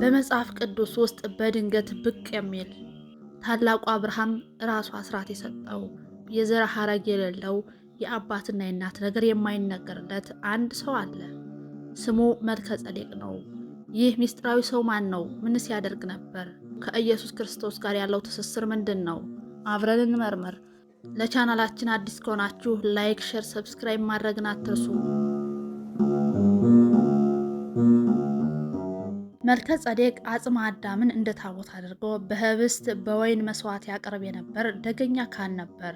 በመጽሐፍ ቅዱስ ውስጥ በድንገት ብቅ የሚል ታላቁ አብርሃም ራሱ አስራት የሰጠው የዘር ሐረግ የሌለው የአባትና የእናት ነገር የማይነገርለት አንድ ሰው አለ። ስሙ መልከ ጼዴቅ ነው። ይህ ምስጢራዊ ሰው ማን ነው? ምንስ ያደርግ ነበር? ከኢየሱስ ክርስቶስ ጋር ያለው ትስስር ምንድን ነው? አብረን እንመርምር። ለቻናላችን አዲስ ከሆናችሁ ላይክ፣ ሼር፣ ሰብስክራይብ ማድረግን አትርሱ። መልከ ጸዴቅ አጽመ አዳምን እንደ ታቦት አድርጎ በህብስት በወይን መስዋዕት ያቀርብ የነበር ደገኛ ካህን ነበር።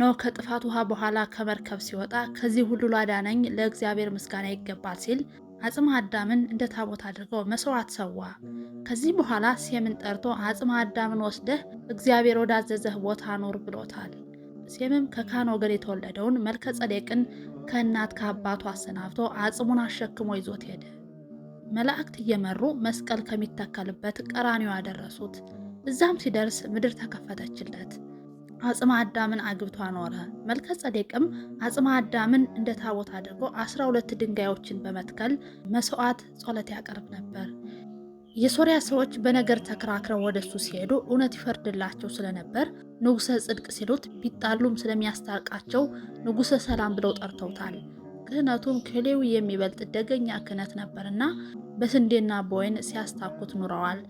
ኖህ ከጥፋት ውሃ በኋላ ከመርከብ ሲወጣ ከዚህ ሁሉ ላዳነኝ ለእግዚአብሔር ምስጋና ይገባል ሲል አጽመ አዳምን እንደ ታቦት አድርጎ መስዋዕት ሰዋ። ከዚህ በኋላ ሴምን ጠርቶ አጽመ አዳምን ወስደህ እግዚአብሔር ወዳዘዘህ ቦታ ኖር ብሎታል። ሴምም ከካህን ወገን የተወለደውን መልከ ጸዴቅን ከእናት ከአባቱ አሰናብቶ አጽሙን አሸክሞ ይዞት ሄደ። መላእክት እየመሩ መስቀል ከሚተከልበት ቀራኒው አደረሱት። እዛም ሲደርስ ምድር ተከፈተችለት። አጽመ አዳምን አግብቶ አኖረ። መልከ ጸዴቅም አጽመ አዳምን እንደ ታቦት አድርጎ አስራ ሁለት ድንጋዮችን በመትከል መስዋዕት ጸሎት ያቀርብ ነበር። የሶሪያ ሰዎች በነገር ተከራክረው ወደሱ ሲሄዱ እውነት ይፈርድላቸው ስለነበር ንጉሰ ጽድቅ ሲሉት ቢጣሉም ስለሚያስታርቃቸው ንጉሰ ሰላም ብለው ጠርተውታል። ክህነቱም ከሌዊ የሚበልጥ ደገኛ ክህነት ነበርና በስንዴና በወይን ሲያስታኩት ኑረዋል።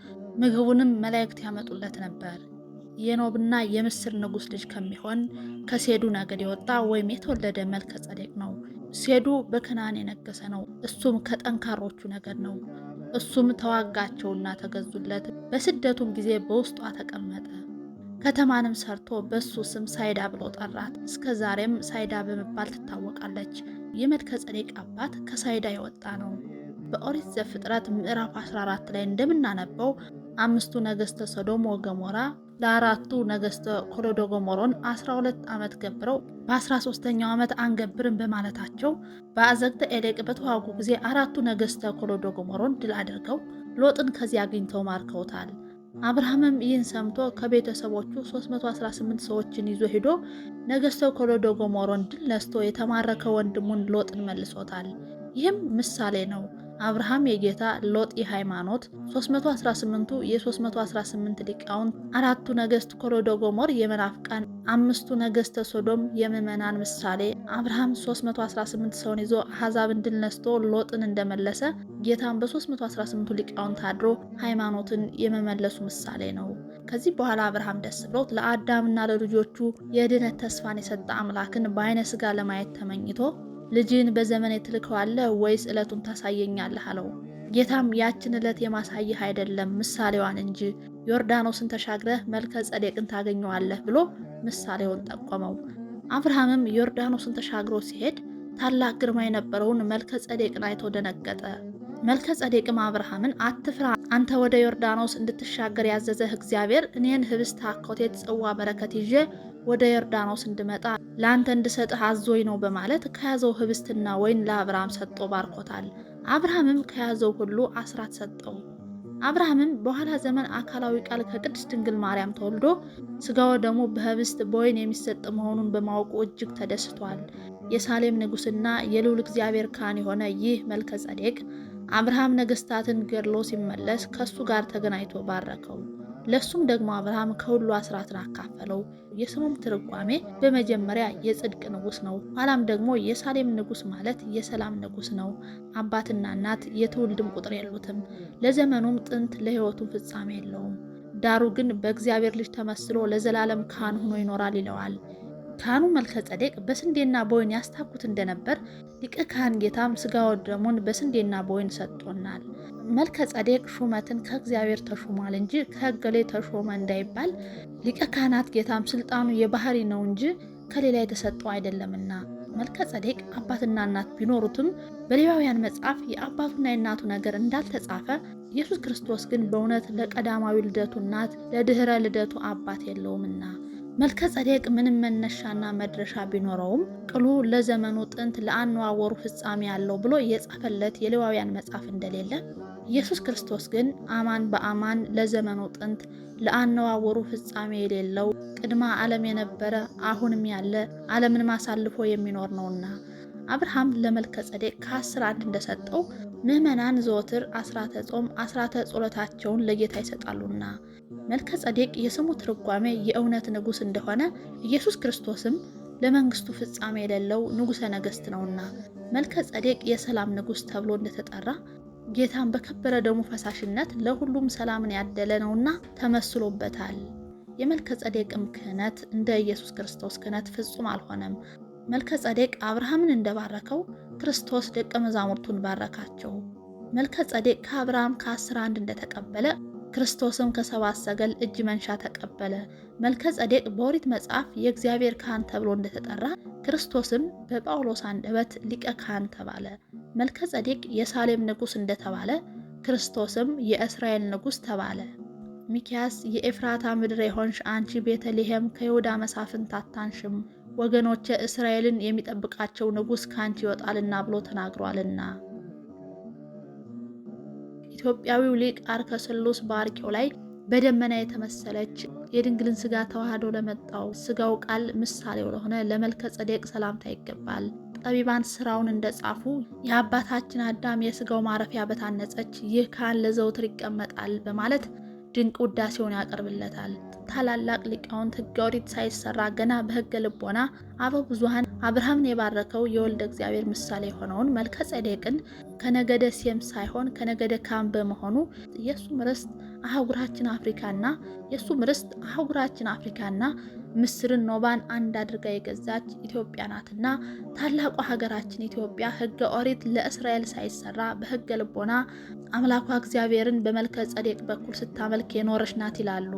ምግቡንም መላእክት ያመጡለት ነበር። የኖብና የምስር ንጉሥ ልጅ ከሚሆን ከሴዱ ነገድ የወጣ ወይም የተወለደ መልከ ጸዴቅ ነው። ሴዱ በከናን የነገሰ ነው። እሱም ከጠንካሮቹ ነገድ ነው። እሱም ተዋጋቸውና ተገዙለት። በስደቱም ጊዜ በውስጧ ተቀመጠ። ከተማንም ሰርቶ በእሱ ስም ሳይዳ ብሎ ጠራት። እስከ ዛሬም ሳይዳ በመባል ትታወቃለች። የመልከጼዴቅ አባት ከሳይዳ የወጣ ነው። በኦሪት ዘፍጥረት ምዕራፍ 14 ላይ እንደምናነበው አምስቱ ነገስተ ሶዶም ወገሞራ ለአራቱ ነገስተ ኮሎዶ ጎሞሮን 12 ዓመት ገብረው በ13ኛው ዓመት አንገብርም በማለታቸው በአዘግተ ኤሌቅ በተዋጉ ጊዜ አራቱ ነገስተ ኮሎዶ ጎሞሮን ድል አድርገው ሎጥን ከዚህ አግኝተው ማርከውታል። አብርሃምም ይህን ሰምቶ ከቤተሰቦቹ 318 ሰዎችን ይዞ ሄዶ ነገሥተው ከሎዶ ጎሞሮን ድል ነስቶ የተማረከ ወንድሙን ሎጥን መልሶታል። ይህም ምሳሌ ነው። አብርሃም የጌታ ሎጥ የሃይማኖት 318ቱ የ318 ሊቃውን አራቱ ነገስት ኮሎዶ ጎሞር የመናፍቃን አምስቱ ነገስተ ሶዶም የምዕመናን ምሳሌ አብርሃም 318 ሰውን ይዞ አሕዛብን ድል ነስቶ ሎጥን እንደመለሰ ጌታን በ318ቱ ሊቃውንት አድሮ ሃይማኖትን የመመለሱ ምሳሌ ነው። ከዚህ በኋላ አብርሃም ደስ ብሎት ለአዳምና ለልጆቹ የድነት ተስፋን የሰጠ አምላክን በአይነ ስጋ ለማየት ተመኝቶ ልጅን በዘመኔ ትልከዋለህ ወይስ ዕለቱን ታሳየኛለህ አለው። ጌታም ያችን ዕለት የማሳየህ አይደለም ምሳሌዋን እንጂ ዮርዳኖስን ተሻግረህ መልከ ጸዴቅን ታገኘዋለህ ብሎ ምሳሌውን ጠቆመው። አብርሃምም ዮርዳኖስን ተሻግሮ ሲሄድ ታላቅ ግርማ የነበረውን መልከ ጸዴቅን አይቶ ደነገጠ። መልከ ጸዴቅም አብርሃምን አትፍራ፣ አንተ ወደ ዮርዳኖስ እንድትሻገር ያዘዘህ እግዚአብሔር እኔን ህብስት፣ አኮቴት፣ ጽዋ፣ በረከት ይዤ ወደ ዮርዳኖስ እንድመጣ ለአንተ እንድሰጥህ አዞኝ ነው በማለት ከያዘው ህብስትና ወይን ለአብርሃም ሰጥቶ ባርኮታል። አብርሃምም ከያዘው ሁሉ አስራት ሰጠው። አብርሃምም በኋላ ዘመን አካላዊ ቃል ከቅድስት ድንግል ማርያም ተወልዶ ስጋው ደግሞ በህብስት በወይን የሚሰጥ መሆኑን በማወቁ እጅግ ተደስቷል። የሳሌም ንጉሥና የልዑል እግዚአብሔር ካህን የሆነ ይህ መልከ ጸዴቅ አብርሃም ነገስታትን ገድሎ ሲመለስ ከእሱ ጋር ተገናኝቶ ባረከው። ለሱም ደግሞ አብርሃም ከሁሉ አስራትን አካፈለው። የስሙም ትርጓሜ በመጀመሪያ የጽድቅ ንጉስ ነው። ኋላም ደግሞ የሳሌም ንጉስ ማለት የሰላም ንጉስ ነው። አባትና እናት የትውልድም ቁጥር የሉትም፣ ለዘመኑም ጥንት ለህይወቱም ፍጻሜ የለውም። ዳሩ ግን በእግዚአብሔር ልጅ ተመስሎ ለዘላለም ካህን ሆኖ ይኖራል ይለዋል። ካህኑ መልከ ጸዴቅ በስንዴና በወይን ያስታኩት እንደነበር ሊቀ ካህን ጌታም ስጋ ወደሙን በስንዴና በወይን ሰጥቶናል። መልከ ጸዴቅ ሹመትን ከእግዚአብሔር ተሹሟል እንጂ ከገሌ ተሾመ እንዳይባል ሊቀ ካህናት ጌታም ስልጣኑ የባህሪ ነው እንጂ ከሌላ የተሰጠው አይደለምና። መልከ ጸዴቅ አባትና እናት ቢኖሩትም በሌዋውያን መጽሐፍ የአባቱና የእናቱ ነገር እንዳልተጻፈ ኢየሱስ ክርስቶስ ግን በእውነት ለቀዳማዊ ልደቱ እናት ለድኅረ ልደቱ አባት የለውምና። መልከ ጸዴቅ ምንም መነሻና መድረሻ ቢኖረውም ቅሉ ለዘመኑ ጥንት ለአነዋወሩ ፍጻሜ ያለው ብሎ የጻፈለት የሌዋውያን መጽሐፍ እንደሌለ ኢየሱስ ክርስቶስ ግን አማን በአማን ለዘመኑ ጥንት ለአነዋወሩ ፍጻሜ የሌለው ቅድማ ዓለም የነበረ አሁንም ያለ ዓለምን አሳልፎ የሚኖር ነውና አብርሃም ለመልከ ጸዴቅ ከአስር አንድ እንደሰጠው ምዕመናን ዘወትር አስራተ ጾም አስራተ ጸሎታቸውን ለጌታ ይሰጣሉና መልከ ጸዴቅ የስሙ ትርጓሜ የእውነት ንጉሥ እንደሆነ ኢየሱስ ክርስቶስም ለመንግስቱ ፍጻሜ የሌለው ንጉሠ ነገሥት ነውና መልከ ጸዴቅ የሰላም ንጉሥ ተብሎ እንደተጠራ ጌታን በከበረ ደሙ ፈሳሽነት ለሁሉም ሰላምን ያደለ ነውና ተመስሎበታል። የመልከ ጸዴቅም ክህነት እንደ ኢየሱስ ክርስቶስ ክህነት ፍጹም አልሆነም። መልከ ጸዴቅ አብርሃምን እንደባረከው ክርስቶስ ደቀ መዛሙርቱን ባረካቸው። መልከ ጸዴቅ ከአብርሃም ከአስር አንድ እንደተቀበለ ክርስቶስም ከሰባት ሰገል እጅ መንሻ ተቀበለ። መልከ ጸዴቅ በኦሪት መጽሐፍ የእግዚአብሔር ካህን ተብሎ እንደተጠራ ክርስቶስም በጳውሎስ አንደበት ሊቀ ካህን ተባለ። መልከ ጸዴቅ የሳሌም ንጉሥ እንደተባለ ክርስቶስም የእስራኤል ንጉሥ ተባለ። ሚኪያስ የኤፍራታ ምድር የሆንሽ አንቺ ቤተልሔም ከይሁዳ መሳፍንት አታንሽም፣ ወገኖቼ እስራኤልን የሚጠብቃቸው ንጉሥ ካንቺ ይወጣልና ብሎ ተናግሯልና ኢትዮጵያዊው ሊቅ አርከስሎስ በአርኬው ላይ በደመና የተመሰለች የድንግልን ስጋ ተዋህዶ ለመጣው ስጋው ቃል ምሳሌው ለሆነ ለመልከ ጸደቅ ሰላምታ ይገባል። ጠቢባን ስራውን እንደጻፉ የአባታችን አዳም የስጋው ማረፊያ በታነጸች ይህ ካህን ለዘውትር ይቀመጣል በማለት ድንቅ ውዳሴውን ያቀርብለታል። ታላላቅ ሊቃውንት ሕገ ኦሪት ሳይሰራ ገና በሕገ ልቦና አበ ብዙሀን አብርሃምን የባረከው የወልደ እግዚአብሔር ምሳሌ የሆነውን መልከ ጼዴቅን ከነገደ ሴም ሳይሆን ከነገደ ካም በመሆኑ የእሱም ርስት አህጉራችን አፍሪካና የእሱም ርስት አህጉራችን አፍሪካና ምስርን ኖባን አንድ አድርጋ የገዛች ኢትዮጵያ ናትና ታላቋ ሀገራችን ኢትዮጵያ ሕገ ኦሪት ለእስራኤል ሳይሰራ በሕገ ልቦና አምላኳ እግዚአብሔርን በመልከ ጸዴቅ በኩል ስታመልክ የኖረች ናት ይላሉ።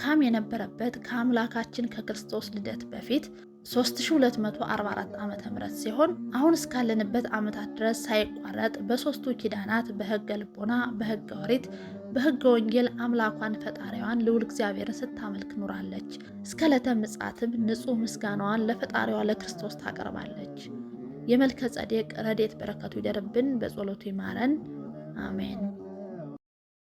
ካም የነበረበት ከአምላካችን ከክርስቶስ ልደት በፊት 3244 ዓ ም ሲሆን አሁን እስካለንበት ዓመታት ድረስ ሳይቋረጥ በሦስቱ ኪዳናት በሕገ ልቦና፣ በሕገ ወሪት በሕገ ወንጌል አምላኳን ፈጣሪዋን ልዑል እግዚአብሔርን ስታመልክ ኑራለች። እስከ ዕለተ ምጽአትም ንጹሕ ምስጋናዋን ለፈጣሪዋ ለክርስቶስ ታቀርባለች። የመልከ ጸዴቅ ረዴት በረከቱ ይደርብን፣ በጸሎቱ ይማረን። Amen.